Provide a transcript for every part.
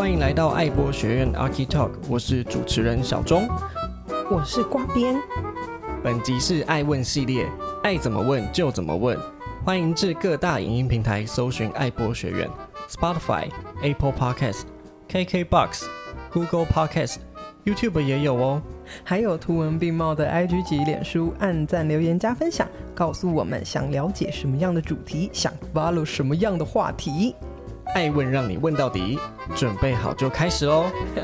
歡迎來到愛播學院 Aki Talk，我是主持人小鍾，我是呱編。本集是愛問系列，愛怎麼問就怎麼問。歡迎至各大影音平台搜尋愛播學院，Spotify、Apple Podcast、KK Box、Google Podcast、YouTube 也有哦。還有圖文並茂的 IG 及臉書，按贊、留言、加分享，告訴我們想了解什麼樣的主題，想 follow 什麼樣的話題。愛問讓你問到底，準備好就開始哦。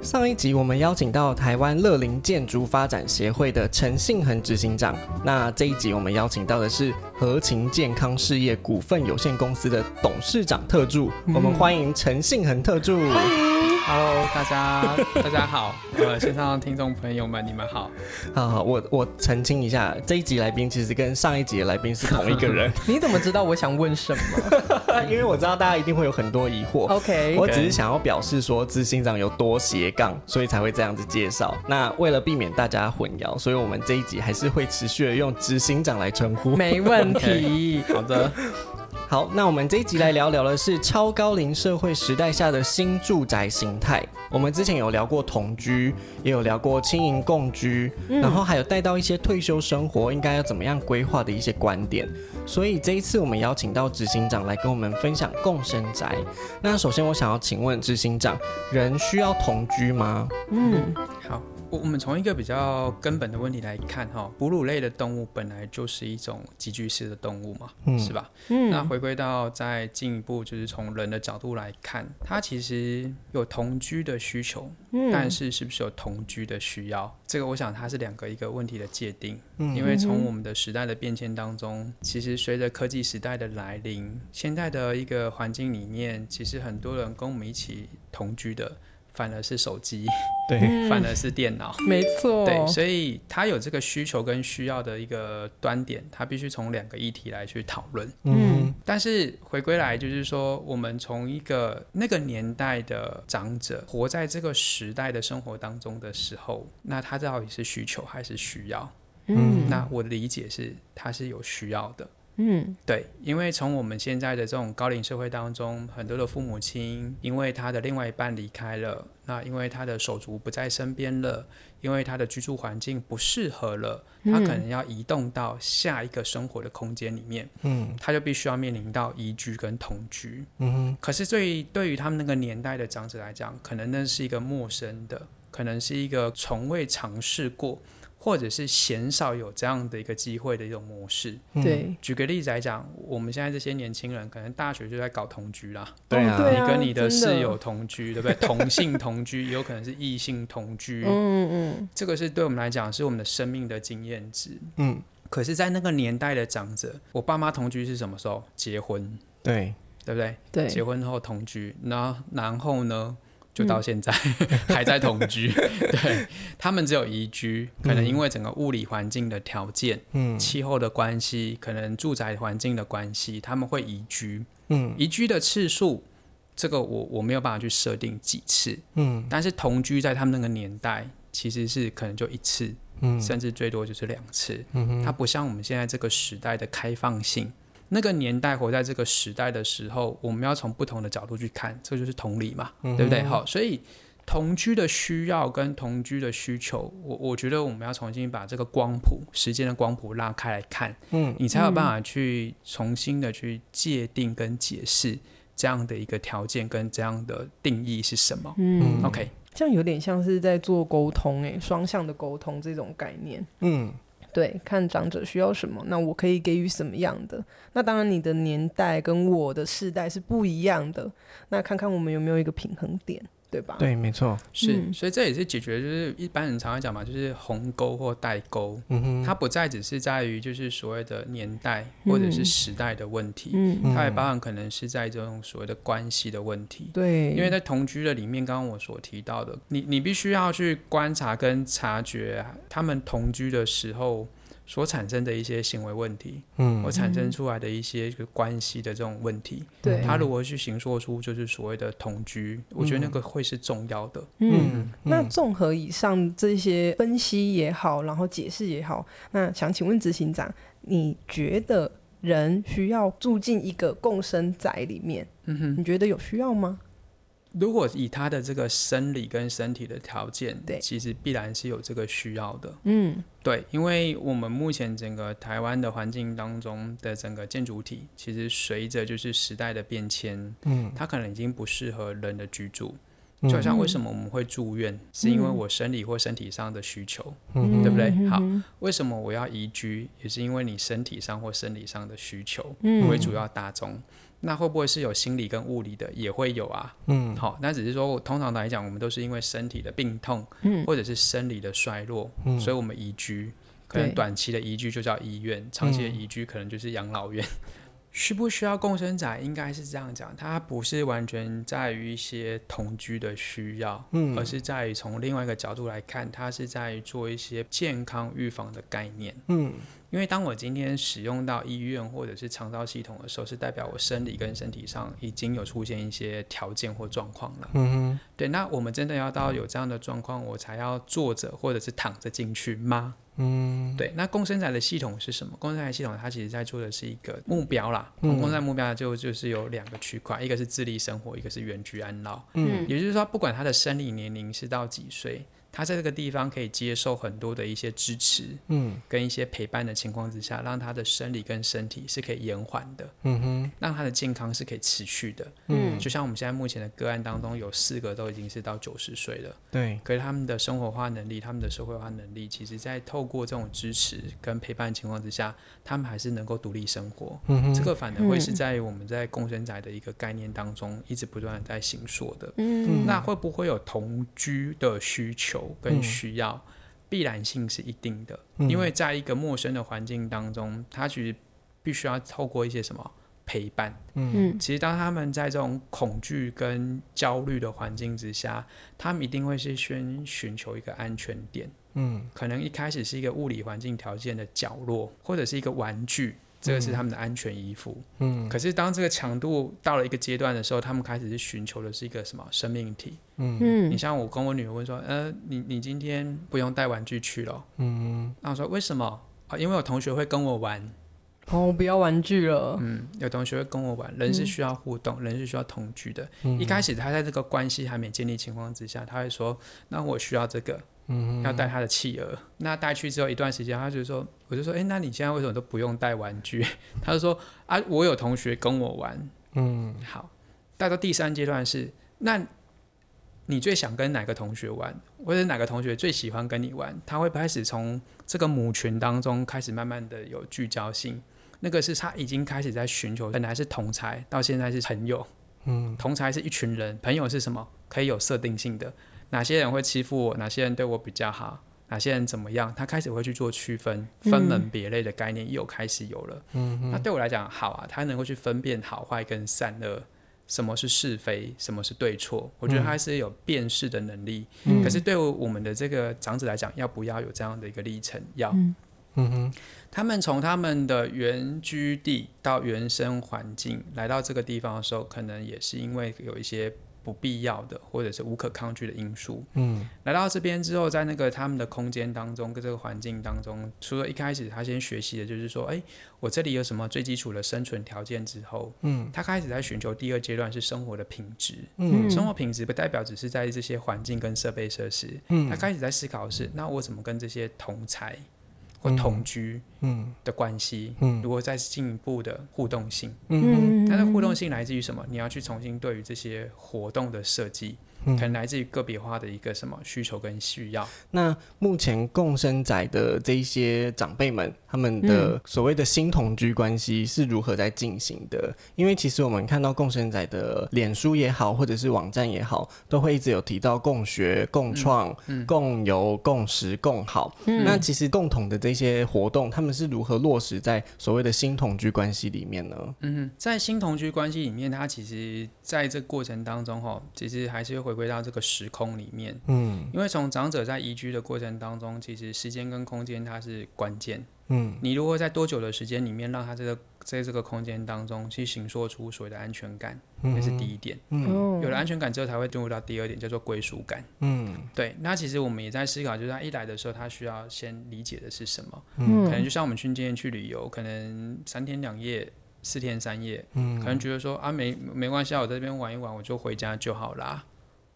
上一集我們邀請到台灣樂齡建築發展協會的陳信衡執行長，那這一集我們邀請到的是合勤健康事業股份有限公司的董事長特助，我們歡迎陳信衡特助。嗯 Hello，大家大家好，呃， 線上的聽眾朋友們，你們好。好好，我我澄清一下，這一集來賓其實跟上一集的來賓是同一個人。 你怎麼知道我想問什麼？ 因為我知道大家一定會有很多疑惑。OK, okay. 我只是想要表示說執行長有多斜槓，所以才會這樣子介紹。那為了避免大家混淆，所以我們這一集還是會持續的用執行長來稱呼。沒問題。Okay, 好的。 好，那我們這一集來聊聊的是超高齡社會時代下的新住宅形態。我們之前有聊過同居，也有聊過青銀共居，嗯、然後還有帶到一些退休生活應該要怎麼樣規劃的一些觀點。所以這一次我們邀請到執行長來跟我們分享共生宅。那首先我想要請問執行長，人需要同居嗎？嗯，嗯，好。我我們從一個比較根本的問題來看哈，哺乳類的動物本來就是一種集聚式的動物嘛，嗯，是吧？嗯，那回歸到再進一步就是從人的角度來看，它其實有同居的需求，嗯，但是是不是有同居的需要？這個我想它是兩個一個問題的界定，嗯，因為從我們的時代的變遷當中，其實隨着科技時代的來臨，現代的一個環境裡面，其實很多人跟我們一起同居的。反而是手機，對，反而是電腦，沒錯、嗯，對，所以他有這個需求跟需要的一個端點，他必須從兩個議題來去討論，嗯，但是回歸來就是說，我們從一個那個年代的長者活在這個時代的生活當中的時候，那他到底是需求還是需要？嗯，那我的理解是他是有需要的。嗯，對，因為從我們現在的這種高齡社會當中，很多的父母親，因為他的另外一半離開了，那因為他的手足不在身邊了，因為他的居住環境不適合了，他可能要移動到下一個生活的空間裡面，嗯，他就必須要面臨到移居跟同居，嗯哼，可是對於對於他們那個年代的長者來講，可能那是一個陌生的，可能是一個從未嘗試過。或者是鮮少有這樣的一個機會的一種模式。對、嗯，舉個例子來講，我們現在這些年輕人可能大學就在搞同居啦，哦、對啊，你跟你的室友同居，哦對、啊、對不對？的同性同居也 有可能是異性同居。嗯嗯，嗯這個是對我們來講是我們的生命的經驗值。嗯，可是，在那個年代的長者，我爸媽同居是什麼時候？結婚。對，對不對？對，結婚之後同居，然後，然後呢？就到現在 還在同居， 對，他們只有移居，可能因為整個物理環境的條件、嗯、氣候的關係，可能住宅環境的關係，他們會移居。嗯、移居的次數，這個我我沒有辦法去設定幾次。嗯、但是同居在他們那個年代，其實是可能就一次，甚至最多就是兩次。嗯、它不像我們現在這個時代的開放性。那個年代活在這個時代的時候，我們要從不同的角度去看，這就是同理嘛，嗯、哼對不對？好，所以同居的需要跟同居的需求，我我覺得我們要重新把這個光譜、時間的光譜拉開來看，嗯、你才有辦法去重新的去界定跟解釋這樣的一個條件跟這樣的定義是什麼？嗯，OK，這樣有點像是在做溝通、欸、雙向的溝通這種概念，嗯。對，看長者需要什麼，那我可以給予什麼樣的？那當然，你的年代跟我的世代是不一樣的，那看看我們有沒有一個平衡點。對吧？對，沒錯，是，所以這也是解決，就是一般人常常講嘛，就是鴻溝或代溝，嗯哼，它不再只是在於就是所謂的年代或者是時代的問題，嗯，它也包含可能是在這種所謂的關係的問題，對、嗯，因為在同居的裡面，剛剛我所提到的，你你必須要去觀察跟察覺他們同居的時候。所產生的一些行為問題，嗯，或產生出來的一些關係的這種問題，對、嗯，他如何去行說出就是所謂的同居，嗯、我覺得那個會是重要的。嗯，那綜合以上這些分析也好，然後解釋也好，那想請問執行長，你覺得人需要住進一個共生宅裡面？嗯哼，你覺得有需要嗎？如果以他的這個生理跟身體的條件，對，其實必然是有這個需要的。嗯，對，因為我們目前整個台灣的環境當中的整個建築體，其實隨着就是時代的變遷，嗯，它可能已經不適合人的居住。就好像為什麼我們會住院，嗯、是因為我生理或身體上的需求，嗯，對不對？好，為什麼我要移居，也是因為你身體上或生理上的需求為、嗯、主要大宗那會不會是有心理跟物理的也會有啊？嗯，好、哦，那只是說我通常來講，我們都是因為身體的病痛，嗯，或者是生理的衰弱，嗯，所以我們移居，可能短期的移居就叫醫院，對長期的移居可能就是養老院。嗯、 需不需要共生宅？應該是這樣講，它不是完全在於一些同居的需要，嗯，而是在於從另外一個角度來看，它是在做一些健康預防的概念，嗯。因為當我今天使用到醫院或者是長照系統的時候，是代表我生理跟身體上已經有出現一些條件或狀況了。嗯哼對，那我們真的要到有這樣的狀況，我才要坐着或者是躺着進去嗎？嗯。對，那共生宅的系統是什麼？共生宅系統它其實在做的是一個目標啦。嗯。共生宅目標就就是有兩個區塊，一個是自立生活，一個是原居安老。嗯。也就是說，不管他的生理年齡是到幾歲。他在這個地方可以接受很多的一些支持，嗯，跟一些陪伴的情況之下，嗯，讓他的生理跟身體是可以延緩的，嗯哼，讓他的健康是可以持續的，嗯，就像我們現在目前的個案當中，有四個都已經是到九十歲了，對，可是他們的生活化能力，他們的社會化能力，其實，在透過這種支持跟陪伴的情況之下，他們還是能夠獨立生活，嗯哼，這個反而會是在我們在共生宅的一個概念當中，一直不斷的在形塑的，嗯，那會不會有同居的需求？跟需要、嗯、必然性是一定的，嗯、因為在一個陌生的環境當中，他其實必須要透過一些什麼陪伴。嗯，其實當他們在這種恐懼跟焦慮的環境之下，他們一定會是先尋求一個安全點。嗯，可能一開始是一個物理環境條件的角落，或者是一個玩具。這個是他們的安全衣服。嗯、可是當這個強度到了一個階段的時候，他們開始是尋求的是一個什麼生命體，嗯，你像我跟我女兒問說，呃，你你今天不用帶玩具去了，嗯，那我說為什麼？啊、哦，因為有同學會跟我玩，哦，我不要玩具了，嗯，有同學會跟我玩，人是需要互動，嗯、人是需要同居的，嗯、一開始他在這個關係還沒建立情況之下，他會說，那我需要這個，嗯、要帶他的企鵝，那帶去之後一段時間，他就說。我就說，哎、欸，那你現在為什麼都不用帶玩具？ 他就說，啊，我有同學跟我玩。嗯，好。大概到第三階段是，那你最想跟哪個同學玩，或者哪個同學最喜歡跟你玩？他會開始從這個母群當中開始慢慢的有聚焦性，那個是他已經開始在尋求，本來是同儕，到現在是朋友。嗯，同儕是一群人，朋友是什麼？可以有設定性的，哪些人會欺負我？哪些人對我比較好？那現在怎麼樣？他開始會去做區分，分門別類的概念又開始有了。嗯嗯嗯、那對我來講，好啊，他能夠去分辨好壞跟善惡，什麼是是非，什麼是對錯，我覺得他是有辨識的能力。嗯嗯、可是對我們的這個長者來講，要不要有這樣的一個歷程？要，嗯哼，嗯嗯嗯他們從他們的原居地到原生環境來到這個地方的時候，可能也是因為有一些。不必要的或者是無可抗拒的因素，嗯，來到這邊之後，在那個他們的空間當中跟這個環境當中，除了一開始他先學習的就是說，誒、欸，我這裡有什麼最基礎的生存條件？之後，嗯，他開始在尋求第二階段是生活的品質，嗯，生活品質不代表只是在這些環境跟設備設施，嗯，他開始在思考的是，那我怎麼跟這些同才。同居嗯的關係，嗯，嗯，如果再進一步的互動性，嗯，它的互動性來自於什麼？你要去重新對於這些活動的設計。可能來自於個別化的一個什麼需求跟需要。嗯、那目前共生宅的這一些長輩們，他們的所謂的“新同居”關係是如何在進行的？嗯、因為其實我們看到共生宅的臉書也好，或者是網站也好，都會一直有提到共學、共創、嗯嗯、共有、共識、共好。嗯、那其實共同的這些活動，他們是如何落實在所謂的“新同居”關係裡面呢？嗯，在“新同居”關係裡面，他其實在這過程當中哈，其實還是會。回到這個時空裡面，嗯，因為從長者在移居的過程當中，其實時間跟空間它是關鍵，嗯，你如果在多久的時間裡面，讓他這個在這個空間當中去形塑出所謂的安全感，那，嗯，是第一點，嗯，有了安全感之後才會進入到第二點，叫做歸屬感，嗯，對。那其實我們也在思考，就是他一來的時候，他需要先理解的是什麼？嗯，可能就像我們去今天去旅遊，可能三天兩夜、四天三夜，嗯，可能覺得說啊，沒沒關係啊，我在這邊玩一玩，我就回家就好啦。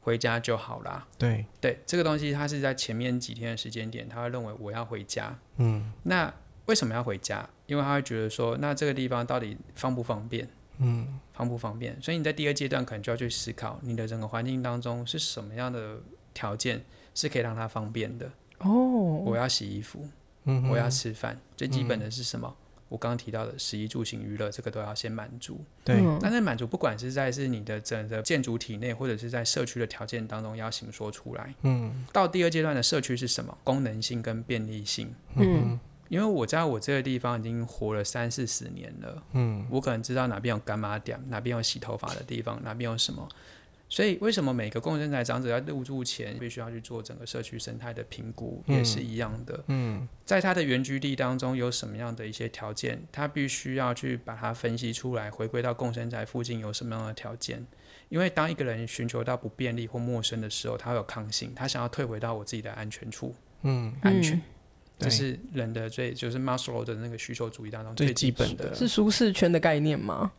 回家就好啦。對對，這個東西他是在前面幾天的時間點，他會認為我要回家。嗯，那為什麼要回家？因為他會覺得說，那這個地方到底方不方便？嗯，方不方便？所以你在第二階段可能就要去思考，你的整個環境當中是什麼樣的條件是可以讓它方便的。哦，我要洗衣服，嗯哼，我要吃飯，最基本的是什麼？嗯我剛剛提到的食衣住行娛樂，這個都要先滿足。對，但是滿足不管是在是你的整個建築體內，或者是在社區的條件當中要形說出來。嗯，到第二階段的社區是什麼？功能性跟便利性。嗯，嗯，因為我在我這個地方已經活了三四十年了。嗯，我可能知道哪邊有柑仔店，哪邊有洗頭髮的地方，哪邊有什麼。所以，為什麼每個共生宅長者要入住前必須要去做整個社區生態的評估，也是一樣的。嗯，在他的原居地當中有什麼樣的一些條件，他必須要去把它分析出來，回歸到共生宅附近有什麼樣的條件？因為當一個人尋求到不便利或陌生的時候，他會有抗性，他想要退回到我自己的安全處。嗯，安全，這是人的最就是馬斯洛的那個需求主義當中最基本的，是舒適圈的概念嗎？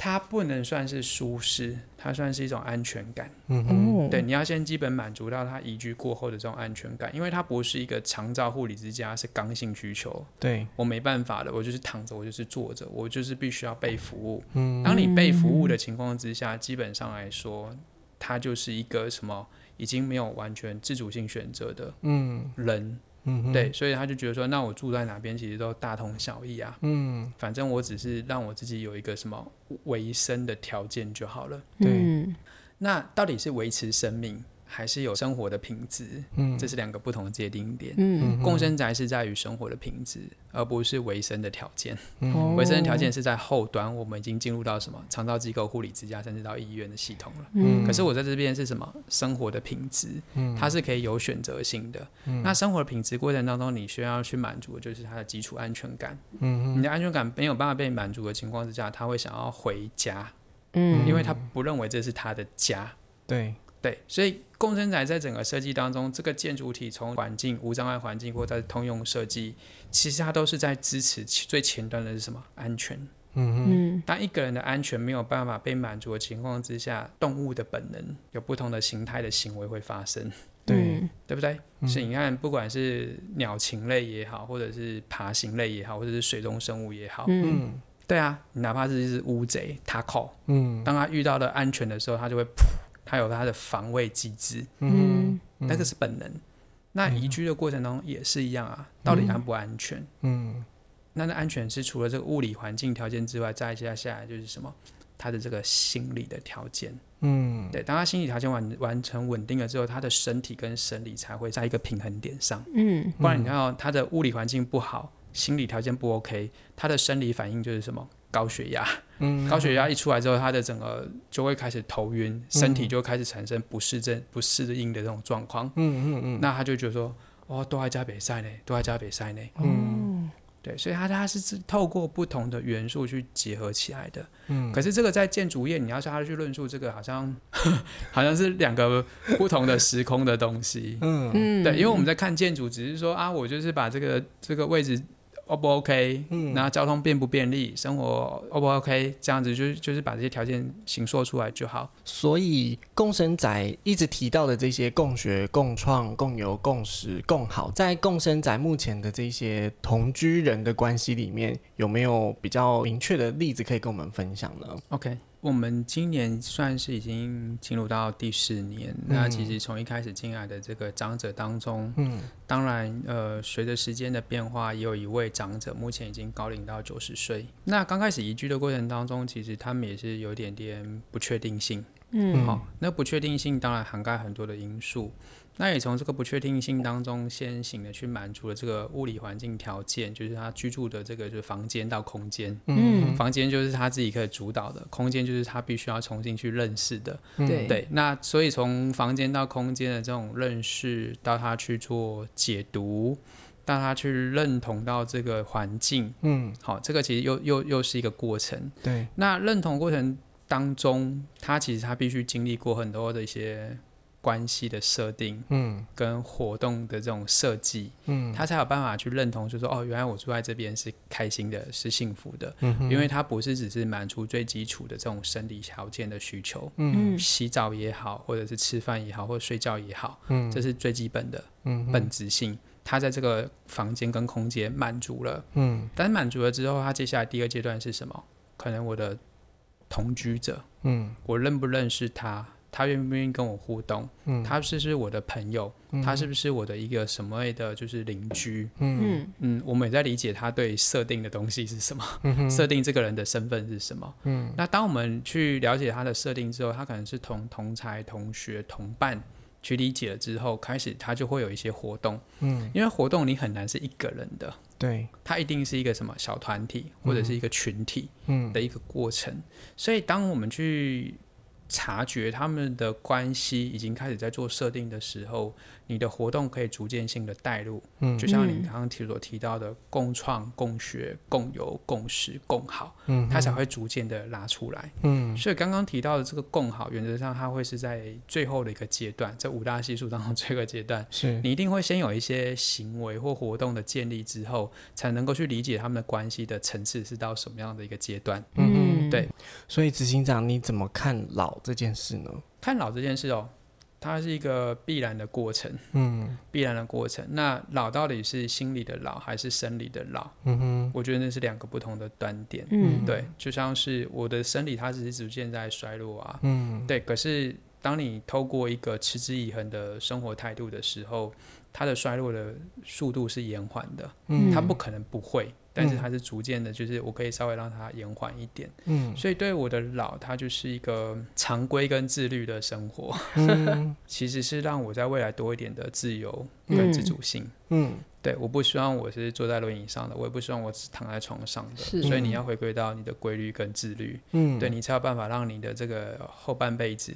它不能算是舒適，它算是一種安全感。嗯哼，對，你要先基本滿足到他移居過後的這種安全感，因為它不是一個長照護理之家，是剛性需求。對，我沒辦法的，我就是躺着，我就是坐着，我就是必須要被服務。嗯，當你被服務的情況之下，基本上來說，他就是一個什麼，已經沒有完全自主性選擇的嗯人。嗯嗯，對，所以他就覺得說，那我住在哪邊其實都大同小異啊。嗯，反正我只是讓我自己有一個什麼維生的條件就好了。對，嗯、那到底是維持生命？還是有生活的品質，嗯、這是兩個不同的界定點。嗯、哼共生宅是在於生活的品質，而不是維生的條件。維、嗯、哼生的條件是在後端，我們已經進入到什麼長照機構護理之家，甚至到醫院的系統了。嗯、可是我在這邊是什麼生活的品質？它是可以有選擇性的。嗯、那生活的品質過程當中，你需要去滿足的就是它的基礎安全感。嗯、哼你的安全感沒有辦法被滿足的情況之下，他會想要回家。嗯、因為他不認為這是他的家。對。對，所以共生宅在整個設計當中，這個建築體從環境無障礙環境，或者是通用設計，其實它都是在支持最前端的是什麼？安全。嗯哼，當一個人的安全沒有辦法被滿足的情況之下，動物的本能有不同的形態的行為會發生。對，嗯、對不對？是、嗯，你看，不管是鳥禽類也好，或者是爬行類也好，或者是水中生物也好，嗯，對啊，你哪怕是一隻烏賊，他扣，嗯，當它遇到了安全的時候，它就會撲。還有它的防衛機制，嗯，那個是本能。嗯、那移居的過程中也是一樣啊，嗯、到底安不安全？嗯，嗯那的安全是除了這個物理環境條件之外，再接下來就是什麼？他的這個心理的條件。嗯，對，當他心理條件完完成穩定了之後，他的身體跟生理才會在一個平衡點上。嗯，不然你看，他的物理環境不好，心理條件不 OK，他的生理反應就是什麼？高血壓，嗯，高血壓一出來之後，他的整個就會開始頭暈，身體就開始產生不適應、不適應的這種狀況，嗯，嗯嗯嗯，那他就覺得說，哦，都還加北賽呢，都還加北賽呢。嗯，對，所以他他是透過不同的元素去結合起來的，嗯，可是這個在建築業，你要叫他去論述這個，好像好像是兩個不同的時空的東西，嗯嗯，對，因為我們在看建築，只是說啊，我就是把這個這個位置。O 不 OK？嗯，然後交通便不便利？生活 O 不 OK？這樣子就就是把這些條件形塑出來就好。所以共生宅一直提到的這些共學、共創、共有、共識、共好，在共生宅目前的這些同居人的關係裡面，有沒有比較明確的例子可以跟我們分享呢？OK。我們今年算是已經進入到第四年，嗯、那其實從一開始進來的這個長者當中，嗯，當然，呃，隨着時間的變化，也有一位長者目前已經高齡到九十歲。那剛開始移居的過程當中，其實他們也是有點點不確定性，嗯，好、哦，那不確定性當然涵蓋很多的因素。那也從這個不確定性當中先行的去滿足了這個物理環境條件，就是他居住的這個就是房間到空間，嗯，房間就是他自己可以主導的，空間，就是他必須要重新去認識的，對、嗯、對。那所以從房間到空間的這種認識，到他去做解讀，到他去認同到這個環境，嗯，好，這個其實又又又是一個過程，對。那認同過程當中，他其實他必須經歷過很多的一些。關係的設定，跟活動的這種設計，嗯嗯、他才有辦法去認同就是，就說哦，原來我住在這邊是開心的，是幸福的，嗯、哼因為他不是只是滿足最基礎的這種生理條件的需求，嗯、洗澡也好，或者是吃飯也好，或者睡覺也好，嗯、這是最基本的，本質性，嗯、哼他在這個房間跟空間滿足了，嗯、但滿足了之後，他接下來第二階段是什麼？可能我的同居者，嗯、我認不認識他？他願不願意跟我互動？嗯，他是是我的朋友？嗯，他是不是我的一個什麼類的？就是鄰居？嗯嗯嗯，我們也在理解他對設定的東西是什麼，嗯哼、設定這個人的身份是什麼。嗯，那當我們去了解他的設定之後，他可能是同同才、同學、同伴去理解了之後，開始他就會有一些活動。嗯，因為活動你很難是一個人的，對他一定是一個什麼小團體或者是一個群體嗯的一個過程。嗯嗯、所以當我們去察覺他們的關係已經開始在做設定的時候，你的活動可以逐漸性的帶入，嗯、就像你剛剛提所提到的，共創、共學、共有、共識、共好，嗯、哼他它才會逐漸的拉出來，嗯、所以剛剛提到的這個共好，原則上它會是在最後的一個階段，在五大係數當中這個階段，是你一定會先有一些行為或活動的建立之後，才能夠去理解他們的關係的層次是到什麼樣的一個階段，嗯哼，對，所以執行長你怎麼看老？這件事呢，看老這件事哦，它是一個必然的過程，嗯，必然的過程。那老到底是心理的老還是生理的老？嗯哼，我覺得那是兩個不同的端點。嗯，對，就像是我的生理，它只是逐漸在衰落啊，嗯，對。可是當你透過一個持之以恆的生活態度的時候，它的衰落的速度是延緩的，嗯，它不可能不會。但是它是逐漸的，就是我可以稍微讓它延緩一點。嗯，所以對我的老，它就是一個常規跟自律的生活。嗯，其實是讓我在未來多一點的自由跟自主性。嗯，嗯對，我不希望我是坐在輪椅上的，我也不希望我是躺在床上的。是，所以你要回歸到你的規律跟自律。嗯，對你才有辦法讓你的這個後半輩子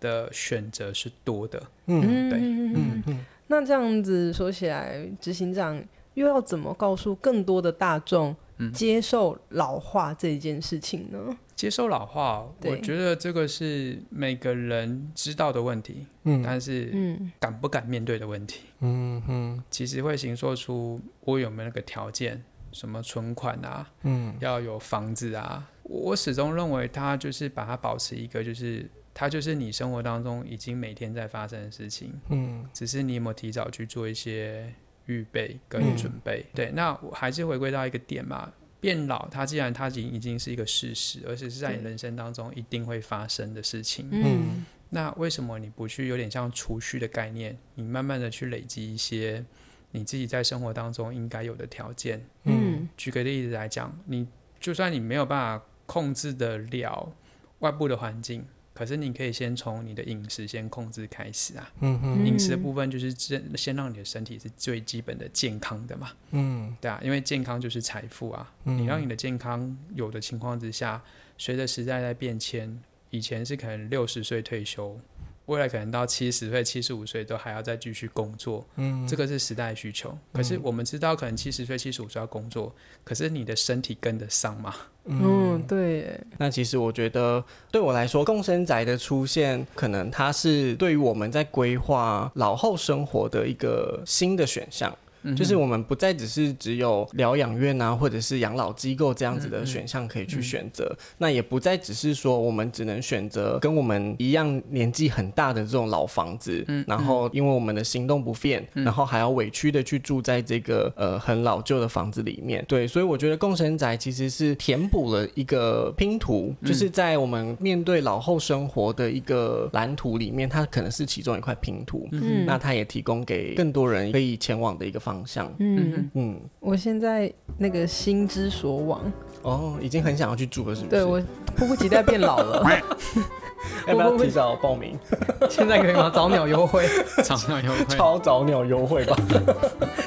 的選擇是多的。嗯，對，嗯。那這樣子說起來，執行長。又要怎麼告訴更多的大眾接受老化這件事情呢？嗯、接受老化，對我覺得這個是每個人知道的問題，嗯、但是敢不敢面對的問題，嗯嗯嗯、其實會形塑出我有沒有那個條件，什麼存款啊，嗯、要有房子啊我，我始終認為它就是把它保持一個，就是它就是你生活當中已經每天在發生的事情，嗯，只是你有沒有提早去做一些。預備跟準備，嗯、對，那我還是回歸到一個點嘛，變老，它既然它已已經是一個事實，而且是在你人生當中一定會發生的事情。嗯，那為什麼你不去有點像儲蓄的概念，你慢慢的去累積一些你自己在生活當中應該有的條件？嗯，舉個例子來講，你就算你沒有辦法控制得了外部的環境。可是你可以先從你的飲食先控制開始啊，嗯，飲食的部分就是先先讓你的身體是最基本的健康的嘛，嗯，對啊，因為健康就是財富啊，你讓你的健康有的情況之下，隨着時代在變遷，以前是可能六十歲退休。未來可能到七十歲、七十五歲都還要再繼續工作，嗯，這個是時代的需求。嗯，可是我們知道，可能七十歲、七十五歲要工作，可是你的身體跟得上嗎？嗯，哦，對。那其實我覺得，對我來說，共生宅的出現，可能它是對於我們在規劃老後生活的一個新的選項。就是我們不再只是只有療養院啊，或者是養老機構這樣子的選項可以去選擇，嗯嗯、那也不再只是說我們只能選擇跟我們一樣年紀很大的這種老房子，嗯嗯、然後因為我們的行動不便，嗯、然後還要委屈的去住在這個呃很老舊的房子裡面。對，所以我覺得共生宅其實是填補了一個拼圖，就是在我們面對老後生活的一個藍圖裡面，它可能是其中一塊拼圖。嗯，那它也提供給更多人可以前往的一個方方向，嗯嗯，我現在那個心之所往哦，已經很想要去住了是不是，是是對我迫不、不及待變老了， 要不要提早報名？不不 現在可以嗎？早鳥優惠，早鳥優惠，超早鳥優惠吧，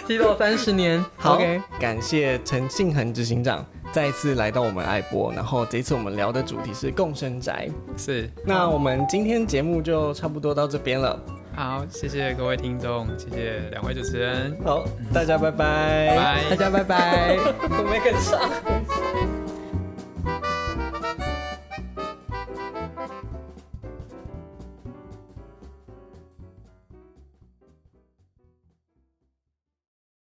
期待三十年。好，Okay 感謝陳信衡執行長再次來到我們愛播，然後這一次我們聊的主題是共生宅，是那我們今天節目就差不多到這邊了。好，謝謝各位聽眾，謝謝兩位主持人。好，大家拜拜，嗯、拜拜，大家拜拜， 我沒跟上。